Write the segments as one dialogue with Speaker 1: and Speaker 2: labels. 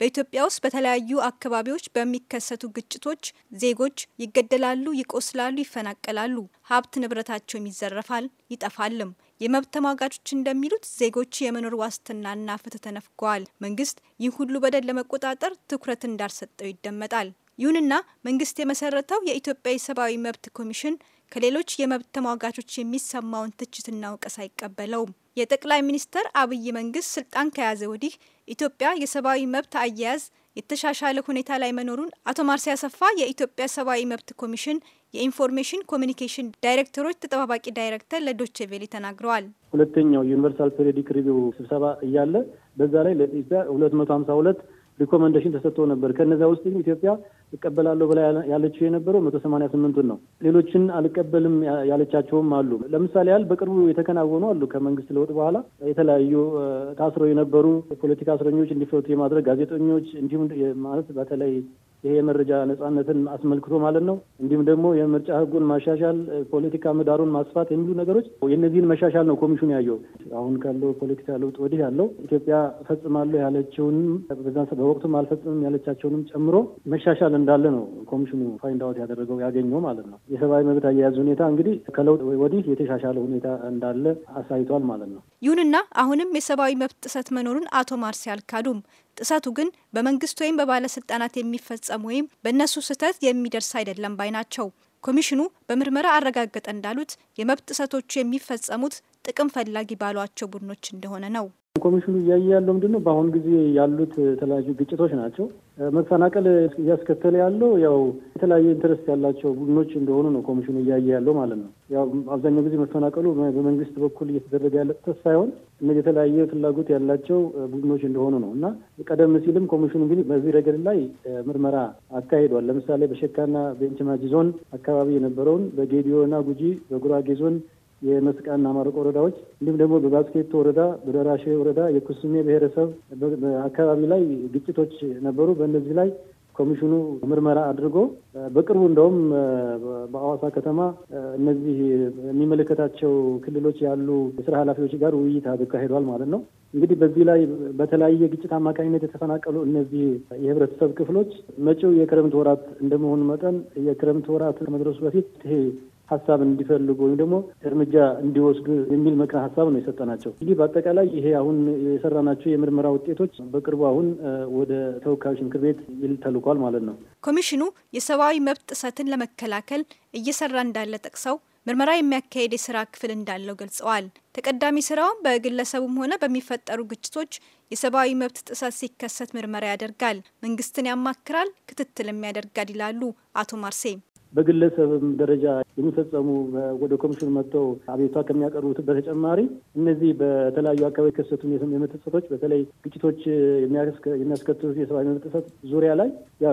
Speaker 1: በኢትዮጵያ ውስጥ በተለያዩ አካባቢዎች በሚከሰቱ ግጭቶች ዜጎች ይገደላሉ፣ ይቆስላሉ፣ ይፈናቀላሉ፣ ሀብት ንብረታቸውም ይዘረፋል፣ ይጠፋልም። የመብት ተሟጋቾች እንደሚሉት ዜጎች የመኖር ዋስትናና ፍትህ ተነፍገዋል። መንግስት ይህ ሁሉ በደል ለመቆጣጠር ትኩረት እንዳልሰጠው ይደመጣል። ይሁንና መንግስት የመሰረተው የኢትዮጵያ የሰብአዊ መብት ኮሚሽን ከሌሎች የመብት ተሟጋቾች የሚሰማውን ትችትና ወቀሳ አይቀበለውም። የጠቅላይ ሚኒስትር አብይ መንግስት ስልጣን ከያዘ ወዲህ ኢትዮጵያ የሰብአዊ መብት አያያዝ የተሻሻለ ሁኔታ ላይ መኖሩን አቶ ማርሲ ያሰፋ የኢትዮጵያ ሰብአዊ መብት ኮሚሽን የኢንፎርሜሽን ኮሚኒኬሽን ዳይሬክተሮች ተጠባባቂ ዳይሬክተር ለዶቼ ቬሌ ተናግረዋል።
Speaker 2: ሁለተኛው ዩኒቨርሳል ፔሪዲክ ሪቪው ስብሰባ እያለ በዛ ላይ ለኢትዮጵያ ሁለት መቶ ሀምሳ ሁለት ሪኮመንዴሽን ተሰጥቶ ነበር። ከነዚያ ውስጥ ኢትዮጵያ እቀበላለሁ ብላ ያለችው የነበረው መቶ ሰማኒያ ስምንቱን ነው። ሌሎችን አልቀበልም ያለቻቸውም አሉ። ለምሳሌ ያህል በቅርቡ የተከናወኑ አሉ። ከመንግስት ለውጥ በኋላ የተለያዩ ታስረው የነበሩ የፖለቲካ እስረኞች እንዲፈቱ የማድረግ ጋዜጠኞች፣ እንዲሁም ማለት በተለይ ይሄ የመረጃ ነጻነትን አስመልክቶ ማለት ነው። እንዲሁም ደግሞ የምርጫ ህጉን ማሻሻል፣ ፖለቲካ ምህዳሩን ማስፋት የሚሉ ነገሮች የእነዚህን መሻሻል ነው ኮሚሽኑ ያየው። አሁን ካለው ፖለቲካ ለውጥ ወዲህ ያለው ኢትዮጵያ ፈጽማለሁ ያለችውንም በዛ በወቅቱም አልፈጽምም ያለቻቸውንም ጨምሮ መሻሻል እንዳለ ነው ኮሚሽኑ ፋይንዳውት ያደረገው ያገኘው ማለት ነው። የሰብአዊ መብት አያያዝ ሁኔታ እንግዲህ ከለውጥ ወዲህ የተሻሻለ ሁኔታ እንዳለ አሳይቷል ማለት ነው።
Speaker 1: ይሁንና አሁንም የሰብአዊ መብት ጥሰት መኖሩን አቶ ማርሲ አልካዱም። ጥሰቱ ግን በመንግስት ወይም በባለስልጣናት የሚፈጸም ወይም በእነሱ ስህተት የሚደርስ አይደለም ባይ ናቸው። ኮሚሽኑ በምርመራ አረጋገጠ እንዳሉት የመብት ጥሰቶቹ የሚፈጸሙት ጥቅም ፈላጊ ባሏቸው ቡድኖች እንደሆነ ነው።
Speaker 2: ኮሚሽኑ እያየ ያለው ምንድን ነው? በአሁኑ ጊዜ ያሉት የተለያዩ ግጭቶች ናቸው። መፈናቀል እያስከተለ ያለው ያው የተለያየ ኢንትረስት ያላቸው ቡድኖች እንደሆኑ ነው ኮሚሽኑ እያየ ያለው ማለት ነው። ያው አብዛኛው ጊዜ መፈናቀሉ በመንግስት በኩል እየተደረገ ያለ ጥሰት ሳይሆን እነዚህ የተለያየ ፍላጎት ያላቸው ቡድኖች እንደሆኑ ነው እና ቀደም ሲልም ኮሚሽኑ ግን በዚህ ረገድ ላይ ምርመራ አካሂዷል። ለምሳሌ በሸካና ቤንች ማጂ ዞን አካባቢ የነበረውን በጌዲዮ እና ጉጂ በጉራጌ ዞን የመስቀልና ማረቆ ወረዳዎች እንዲሁም ደግሞ በባስኬቶ ወረዳ፣ በደራሼ ወረዳ የኩስሜ ብሔረሰብ አካባቢ ላይ ግጭቶች ነበሩ። በእነዚህ ላይ ኮሚሽኑ ምርመራ አድርጎ በቅርቡ እንደውም በአዋሳ ከተማ እነዚህ የሚመለከታቸው ክልሎች ያሉ የስራ ኃላፊዎች ጋር ውይይት አካሂዷል ማለት ነው። እንግዲህ በዚህ ላይ በተለያየ ግጭት አማካኝነት የተፈናቀሉ እነዚህ የህብረተሰብ ክፍሎች መጪው የክረምት ወራት እንደመሆኑ መጠን የክረምት ወራት ከመድረሱ በፊት ይሄ ሀሳብ እንዲፈልጉ ወይም ደግሞ እርምጃ እንዲወስዱ የሚል ምክረ ሀሳብ ነው የሰጠናቸው። እንግዲህ በአጠቃላይ ይሄ አሁን የሰራናቸው የምርመራ ውጤቶች በቅርቡ አሁን ወደ ተወካዮች ምክር ቤት ይል ተልኳል ማለት ነው።
Speaker 1: ኮሚሽኑ የሰብአዊ መብት ጥሰትን ለመከላከል እየሰራ እንዳለ ጠቅሰው ምርመራ የሚያካሄድ የስራ ክፍል እንዳለው ገልጸዋል። ተቀዳሚ ስራውን በግለሰቡም ሆነ በሚፈጠሩ ግጭቶች የሰብአዊ መብት ጥሰት ሲከሰት ምርመራ ያደርጋል፣ መንግስትን ያማክራል፣ ክትትልም ያደርጋል ይላሉ አቶ ማርሴ።
Speaker 2: በግለሰብም ደረጃ የሚፈጸሙ ወደ ኮሚሽን መጥተው አቤቷ ከሚያቀርቡት በተጨማሪ እነዚህ በተለያዩ አካባቢ ከሰቱን የመብት ጥሰቶች በተለይ ግጭቶች የሚያስከትሉት የሰብአዊ መብት ጥሰት ዙሪያ ላይ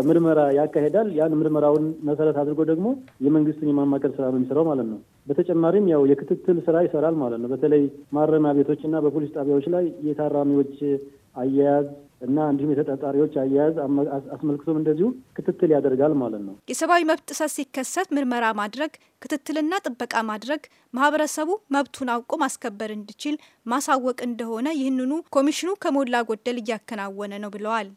Speaker 2: ምርመራ ያካሄዳል። ያን ምርመራውን መሰረት አድርጎ ደግሞ የመንግስትን የማማከል ስራ ነው የሚሰራው ማለት ነው። በተጨማሪም ያው የክትትል ስራ ይሰራል ማለት ነው። በተለይ ማረሚያ ቤቶች እና በፖሊስ ጣቢያዎች ላይ የታራሚዎች አያያዝ እና እንዲሁም የተጠርጣሪዎች አያያዝ አስመልክቶም እንደዚሁ ክትትል ያደርጋል ማለት ነው።
Speaker 1: የሰብአዊ መብት ጥሰት ሲከሰት ምርመራ ማድረግ፣ ክትትልና ጥበቃ ማድረግ ማህበረሰቡ መብቱን አውቆ ማስከበር እንዲችል ማሳወቅ እንደሆነ ይህንኑ ኮሚሽኑ ከሞላ ጎደል እያከናወነ ነው ብለዋል።